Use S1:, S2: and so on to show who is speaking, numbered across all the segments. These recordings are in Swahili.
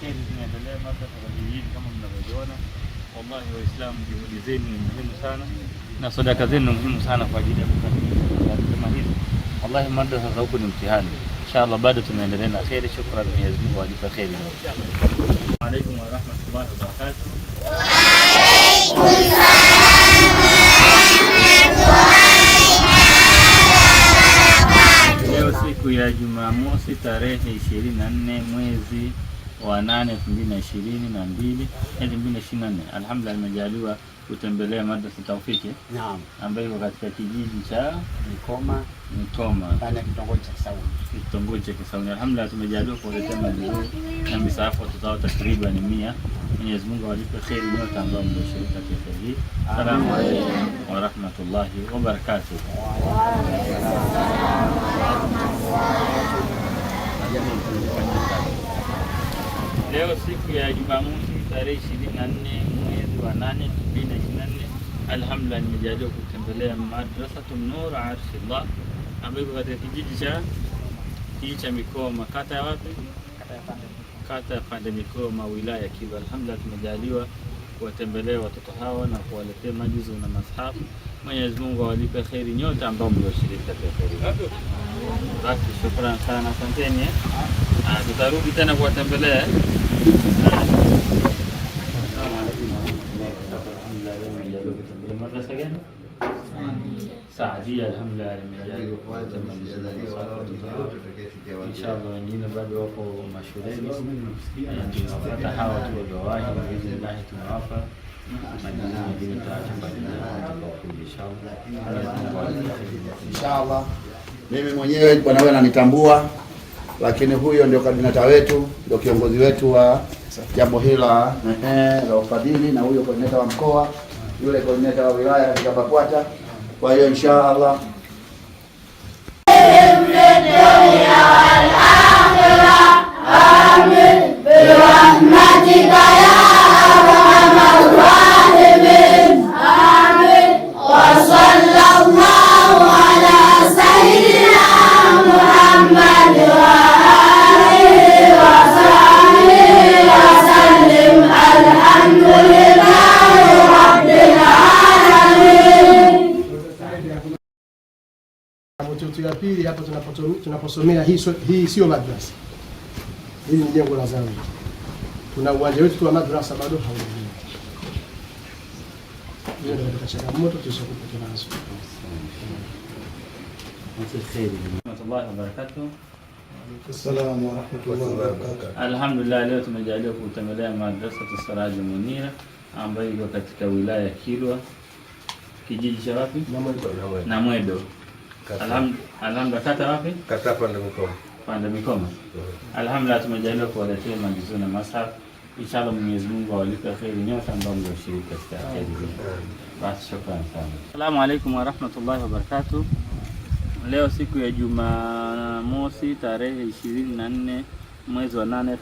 S1: kheri zinaendelea Madrasa za vijijini kama mnavyoviona. Wallahi Waislamu, juhudi zenu ni muhimu sana na sadaka zenu ni muhimu sana kwa ajili ya kama hizi. Wallahi madrasa za huku ni mtihani. Inshallah bado tunaendelea na kheri. Shukrani Mwenyezi Mungu alipa kheri. Waalaikum warahmatullahi wabarakatuh. Siku ya Jumamosi tarehe 24 mwezi wa nane na ishirini na mbili hadi mbili na 2024, alhamdulillah nimejaliwa kutembelea madrasa Taufiki naam, ambayo iko katika kijiji cha Mikoma Mikoma,
S2: pale kitongoji cha Kisauni,
S1: kitongoji cha Kisauni. Alhamdulillah tumejaliwa kuwaletea majuhuu na misaafu watoto wao takriban 100. Mwenyezi Mungu awalipe kheri nyote ambao mlioshiriki katika sherehe hii. Salamu alaykum wa rahmatullahi Wa alaykum salaam wa rahmatullahi wa barakatuh. Leo siku ya Jumamosi tarehe 24 mwezi wa 8 2024, alhamdulillah nimejaliwa kutembelea madrasatu Nur Arshillah ambayo iko katika kijiji cha hii cha Mikoma, kata ya wapi? Kata ya Pande Mikoma, wilaya ya Kivu. Alhamdulillah tumejaliwa kuwatembelea watoto hawa na kuwaletea majuzu na masahafu. Mwenyezi Mungu awalipe kheri nyote ambao mlioshiriki katika kheri. Basi, shukrani sana, asanteni. Eh tutarudi tena kuwatembelea. gani? Saadia. Alhamdulillah, inshallah wengine bado wako mashuleni, tunawapata hawa tu waliowahi, biidhnillahi tunawapa majina mengine taataakuisha.
S3: Inshallah mimi mwenyewe Bwana wewe ananitambua lakini huyo ndio kadinata wetu, ndio kiongozi wetu wa jambo hili eh, la ufadhili, na huyo kadinata wa mkoa, yule kadinata wa wilaya katika BAKWATA. Kwa hiyo inshallah geti ya pili hapo tunaposomea, hii hii sio madrasa, hili ni jengo la zamani. Tuna uwanja wetu wa madrasa bado haujajenga. Hiyo ndio
S1: Alhamdulillah, leo tumejaliwa kutembelea madrasa Munira ambayo iko katika wilaya ya Kilwa, kijiji cha wapi? Namwedo. Alhamdulillah, kata wapi?
S3: Kata Pande Mikoma.
S1: Pande mhm. Mikoma. Alhamdulillah, tumejaliwa kuwaletea majizio na mashafu. Inshallah, Mwenyezi Mungu awalipe kheri nyote ambao mlioshiriki katika hija hii. Basi shukrani sana. Asalamu alaykum wa rahmatullahi wa barakatuh. Leo siku ya Jumamosi tarehe 24 mwezi wa 8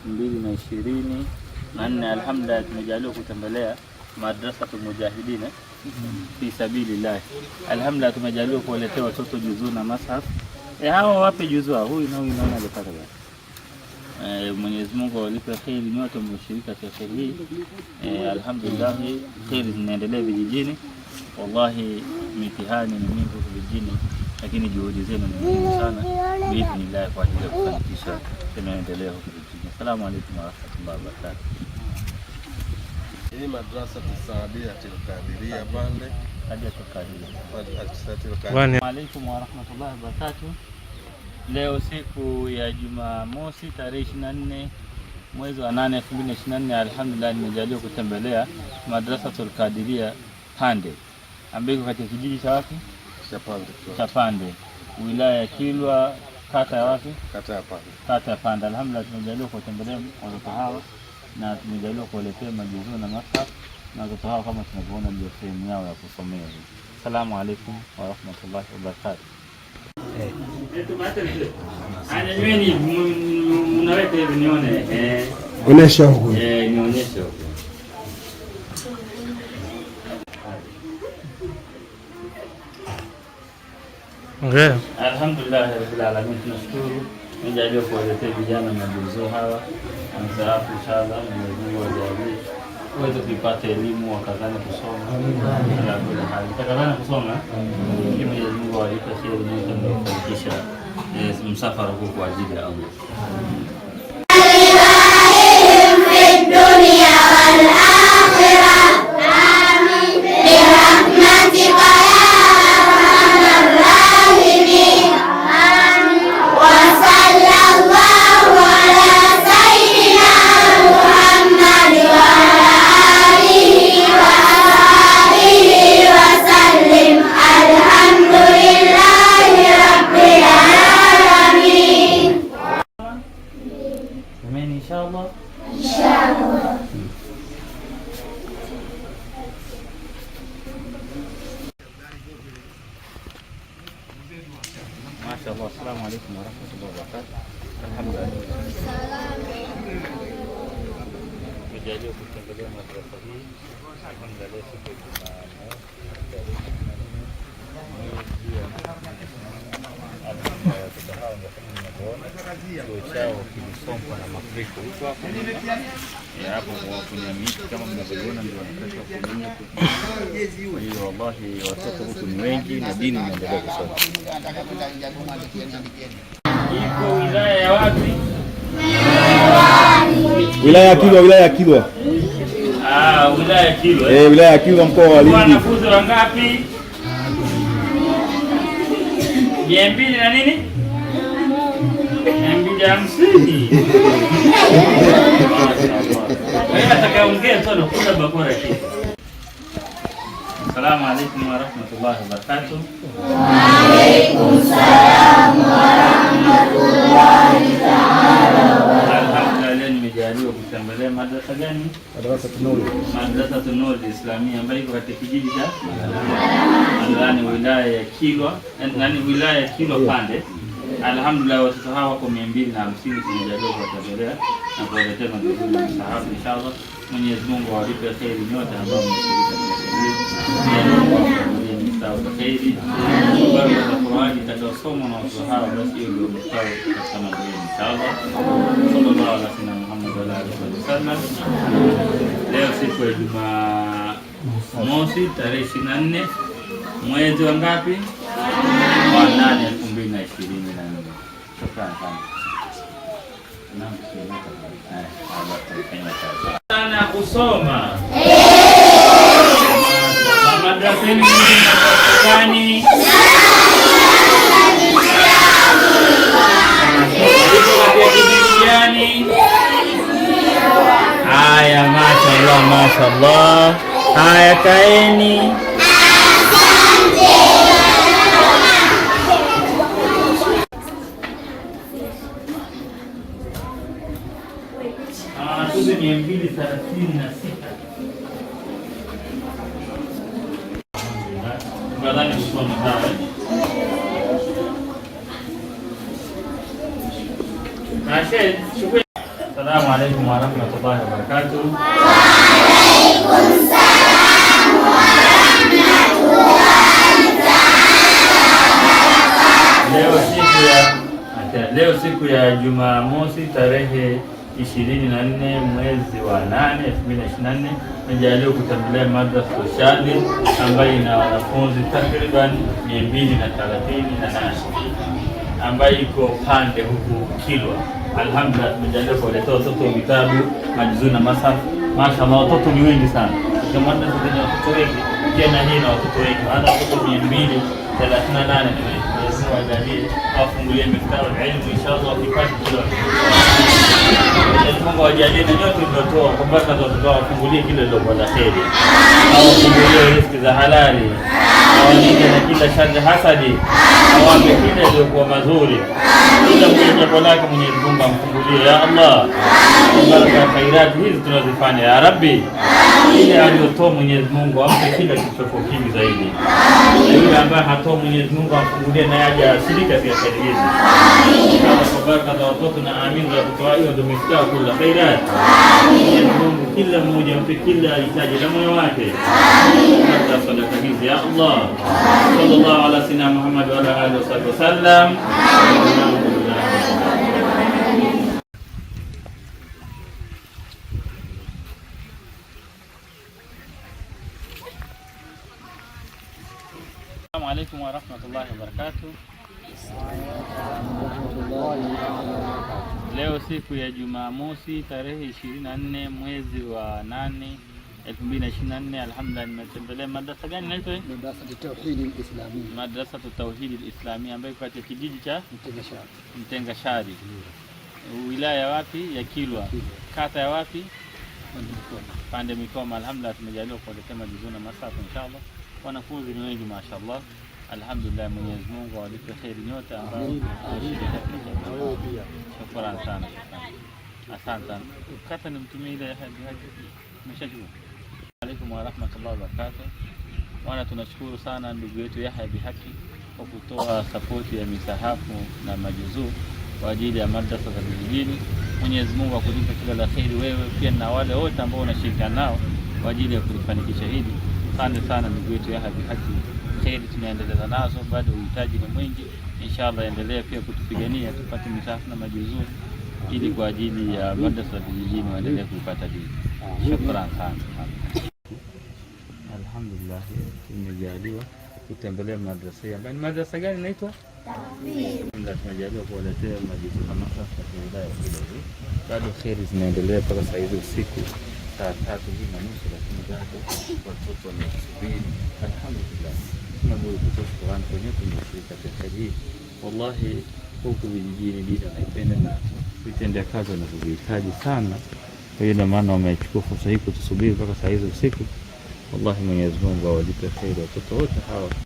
S1: 2024, alhamdulillah tumejaliwa kutembelea madrasa Mujahidina fi sabilillah. Alhamdulillah, tumejaliwa kuwaletea watoto juzuu na mashaf. E, eh, hawa wape juzuu huyu na huyu, naona alipata gani. E, eh, Mwenyezi Mungu awalipe kheri nyote mlioshirika shehe hii. E, alhamdulillah, kheri zinaendelea vijijini. Wallahi, mitihani ni mingi vijijini, lakini juhudi zenu ni muhimu sana biidhnillahi kwa ajili ya kufanikisha tunaendelea huku vijijini. Asalamu alaykum warahmatullahi wabarakatuh
S3: hii madrasa tusaabia tilkadiria pande
S1: alaikum warahmatullahi wabarakatu Leo siku ya Jumamosi tarehe 24 mwezi wa nane na 2024, alhamdulillah nimejaliwa kutembelea madrasa tulkadiria Pande ambayo iko katika kijiji cha wapi cha Pande, wilaya ya Kilwa, kata ya wapi? Kata ya Pande. Alhamdulillah tumejaliwa kutembelea watoto hawa na tumejaliwa kuelekea majuzu na maktaba na watoto hao kama tunavyoona ndio sehemu yao ya kusomea assalamu alaikum warahmatullahi wa rahmatullahi wa barakatuh.
S3: onyesha huko,
S1: eh, Alhamdulillah rabbil alamin, tunashukuru mjaaliwa kuwaletea vijana majuzu hawa mstaafu inshallah, Mwenyezi Mungu ajalie uweze kuipata elimu, wakazane kusoma, wakazane kusoma ili Mwenyezi Mungu awalipe kheri, mfanikisha eh, msafara huu kwa ajili ya Allah. warahmatullahi wabarakatuh. Alhamdulillah. Menjadi hukum beliau madrasahi. Alhamdulillah kusahau chuo chao kilisombwa na mafuriko. hapo hapo kwenye miti kama ndio hiyo. Wallahi watoto huku ni wengi na dini inaendelea kusoma. wilaya ya wapi?
S3: Wilaya ya Kilwa, wilaya ya Kilwa.
S1: Ah, wilaya ya Kilwa.
S3: Eh, wilaya ya Kilwa mkoa wa Lindi. Wanafunzi wangapi?
S1: 200 na nini? ya hamsini. Atakayeongea tu anakuta Assalamu alaykum wa rahmatullahi wa barakatuh.
S4: Wa alaykum salaam wa rahmatullahi ta'ala wa
S1: barakatuh. Leo nimejaliwa kutembelea madrasa gani? Madrasa Tunuri. Madrasa Tunuri Islamia ambayo iko katika kijiji cha Malani wilaya ya Kilwa, yaani wilaya ya Kilwa Pande. Alhamdulillah, watoto hawa wako mia mbili na hamsini tumejaliwa kuwatembelea na kuwaletea mazuri na msahafu. Inshallah, Mwenyezi Mungu awalipe kheri nyote ambao meshiriki za Qurani itakaosomwa na watoto hawa, basi hiyo ndio mstari katika mambo inshallah. Sallallahu ala sayyidina Muhammad wa alihi wasallam. Leo siku ya Jumamosi tarehe ishirini na nne mwezi wa ngapi? Wa nane sana kusoma madrasani aani Haya, mashallah, mashallah. Haya, kaeni. thelathini na sita. Assalamu alaikum warahmatullahi wabarakatuh. siku ya leo siku ya Jumamosi tarehe ishirini na nne mwezi wa nane elfu mbili na ishirini na nne imejaliwa kutembelea madrasa Ushali ambayo ina wanafunzi takriban mia mbili na thelathini na nane ambayo iko upande huku Kilwa. Alhamdulillah, tumejaliwa kuwaletea watoto vitabu majuzuu na masafu. Mashaallah, watoto ni wengi sana, watoto wengi tena, hii na watoto wengi, maana watoto mia mbili thelathini na nane ni wengi Mungu awajalie, awafungulie miftahul ilm inshallah, wakipata Mungu awajalie na yote mliotoa kwa baraka za kutoa, awafungulie kile lilokuwa la kheri, awafungulie riziki za halali awalinde na kila shari hasadi, awape kila yaliyokuwa mazuri, kila mwenye jambo lake Mwenyezi Mungu amfungulie. Ya Allah, baraka ya khairati hizi tunazifanya, ya Rabbi, ile aliyotoa Mwenyezi Mungu ampe kila kilichokuwa kingi zaidi, na yule ambaye hatoa Mwenyezi Mungu amfungulie, naye aje ashiriki katika shari hizi, kwa baraka za watoto na amini za kutoa hiyo, ndio kula khairat. Mwenyezi Mungu kila mmoja ampe kila hitaji la moyo wake, sadaka hizi ya Allah Muhammad sallallahu ala sayyidina Muhammad wa ala alihi wasallam. Assalamu alaykum wa rahmatullahi wa barakatuh. Leo siku ya Jumamosi tarehe 24 mwezi wa nane 2024 alhamdulillah, nimetembelea madrasa gani inaitwa
S2: hii? Madrasa Tauhid al-Islamia.
S1: Madrasa Tauhid al-Islamia ambayo iko katika kijiji cha Mtengashari. Mtengashari. Wilaya wapi? Ya Kilwa. Kata ya wapi? Pande Mikoma. Alhamdulillah, tumejaliwa kuwaletea majuzuu na masafu inshallah. Wanafunzi ni wengi mashaallah. Alhamdulillah, Mwenyezi Mungu awalipe kheri nyote ambao Shukrani sana. Asante sana. Kata nimtumie ile hadi alaikum warahmatullahi wabarakatuh. Bwana, tunashukuru sana ndugu yetu Yahya Bihaki kwa kutoa sapoti ya misahafu na majuzuu kwa ajili ya madrasa za vijijini. Mwenyezi Mungu akulipe kila la kheri wewe pia na wale wote ambao unashirikiana nao kwa ajili ya kulifanikisha hili. Asante sana ndugu yetu Yahya Bihaki, kheri tunaendeleza nazo, bado uhitaji ni mwingi. Inshallah, endelea pia kutupigania tupate misahafu na majuzuu ili kwa ajili ya madrasa vijijini waendelee kuipata dini. Shukrani sana. Alhamdulillah, tumejaliwa kutembelea madrasa hii ambayo ni madrasa gani inaitwa Tumejaliwa kuwaletea majibu sasa katika wilaya Kilolo. Bado kheri zinaendelea mpaka saa hizi usiku saa tatu hii na nusu, lakini bado watoto wanasubiri. Alhamdulillah, tuna budi kutoa shukrani kwenye tumeshiriki katika kheri hii. Wallahi, huku vijijini dini wanaipenda na vitendea kazi wanavyohitaji sana. Kwa hiyo ndio maana wamechukua fursa hii kutusubiri mpaka saa hizi usiku. والله ما يزنون الله وليك خير وتتوكل على الله